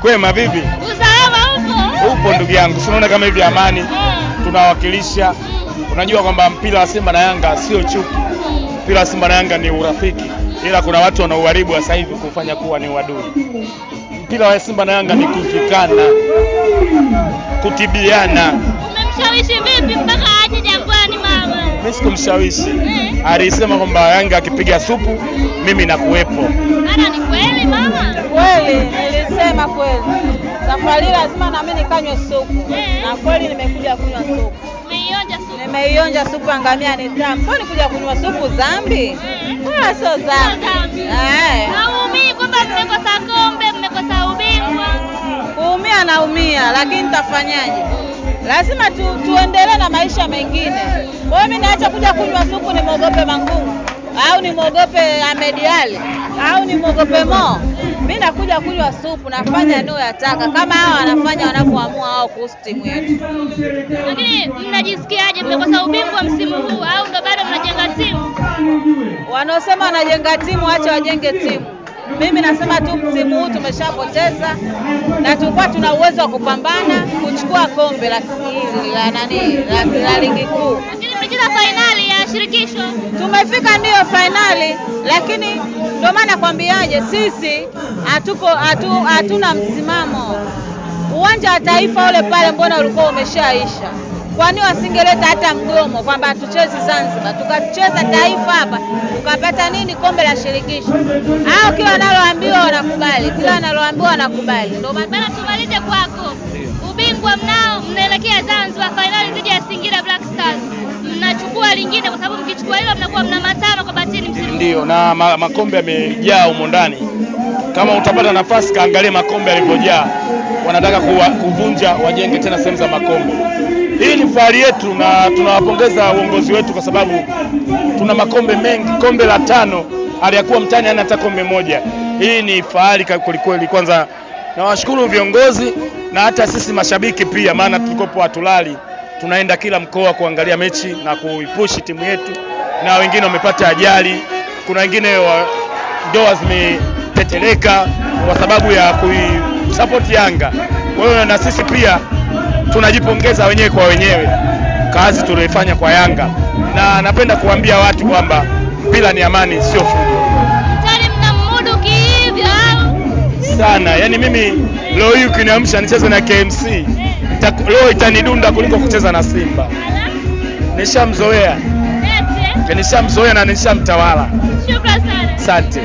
Kwema vipi? Usalama upo? Upo ndugu yangu, si unaona kama hivi amani ah. tunawakilisha. Unajua kwamba mpira wa Simba na Yanga sio chuki, mpira wa Simba na Yanga ni urafiki, ila kuna watu wanauharibu sasa hivi kufanya kuwa ni uadui. Mpira wa Simba na Yanga ni kuvikana, kutibiana. Umemshawishi vipi mpaka aje Jangwani? Mama mimi sikumshawishi, eh. alisema kwamba Yanga akipiga supu mimi nakuwepo. nikanywe supu, na kweli nimekuja kunywa supu. Nimeionja supu angamia ni tamu. Kwani kuja kunywa supu dhambi? Wala mm-hmm. ah, sio dhambi. Eh. Naumii kwamba nimekosa kombe, nimekosa ubingwa. Kuumia naumia, lakini tafanyaje? Lazima tu, tuendelee na maisha mengine. Kwa hiyo mimi naacha kuja kunywa supu nimeogope mangungu au nimwogope Ahmed Ali au nimwogope Mo? Mimi nakuja kunywa supu, nafanya yataka kama hawa wanafanya wanapoamua wao kuhusu timu yetu. Lakini mnajisikiaje? Mmekosa ubingwa msimu huu au ndo bado mnajenga timu? Wanaosema wanajenga timu, acha wajenge timu. Mimi nasema tu msimu huu tumeshapoteza, na tulikuwa tuna uwezo wa kupambana kuchukua kombe la nani la ligi kuu, lakini mmecheza fainali ya shirikisho Tumefika ndiyo fainali, lakini ndio maana kwambiaje, sisi hatuko hatuna msimamo. Uwanja wa Taifa ule pale, mbona ulikuwa umeshaisha? Kwani wasingeleta hata mgomo kwamba hatuchezi Zanzibar, tukacheza taifa hapa, tukapata nini? Kombe la shirikisho. Hao kila wanaloambiwa wanakubali, kila wanaloambiwa wanakubali. Ndio maana tumalize kwako, ubingwa mnao, mnaelekea Zanzibar fainali dhidi ya Singida Black Stars nyingine, kwa sababu mkichukua hilo mnakuwa mna matano kwa batini msimu. Ndio, na ma, makombe yamejaa humo ndani. Kama utapata nafasi, kaangalie makombe yalivyojaa. Wanataka kuwa, kuvunja wajenge tena sehemu za makombe. Hii ni fahari yetu na tunawapongeza uongozi wetu kwa sababu tuna makombe mengi. Kombe la tano aliyakuwa mtani ana hata kombe moja. Hii ni fahari kwelikweli. Kwanza nawashukuru viongozi na hata sisi mashabiki pia, maana tulikopo hatulali tunaenda kila mkoa kuangalia mechi na kuipushi timu yetu, na wengine wamepata ajali, kuna wengine wa ndoa zimeteteleka kwa sababu ya kuisapoti Yanga. Kwa hiyo na sisi pia tunajipongeza wenyewe kwa wenyewe kazi tulioifanya kwa Yanga, na napenda kuambia watu kwamba mpira ni amani, sio fujo sana. Yani mimi leo hii ukiniamsha nicheze na KMC ita, leo itanidunda kuliko kucheza na Simba. Nishamzoea, nishamzoea na nishamtawala. Shukrani sana. Asante.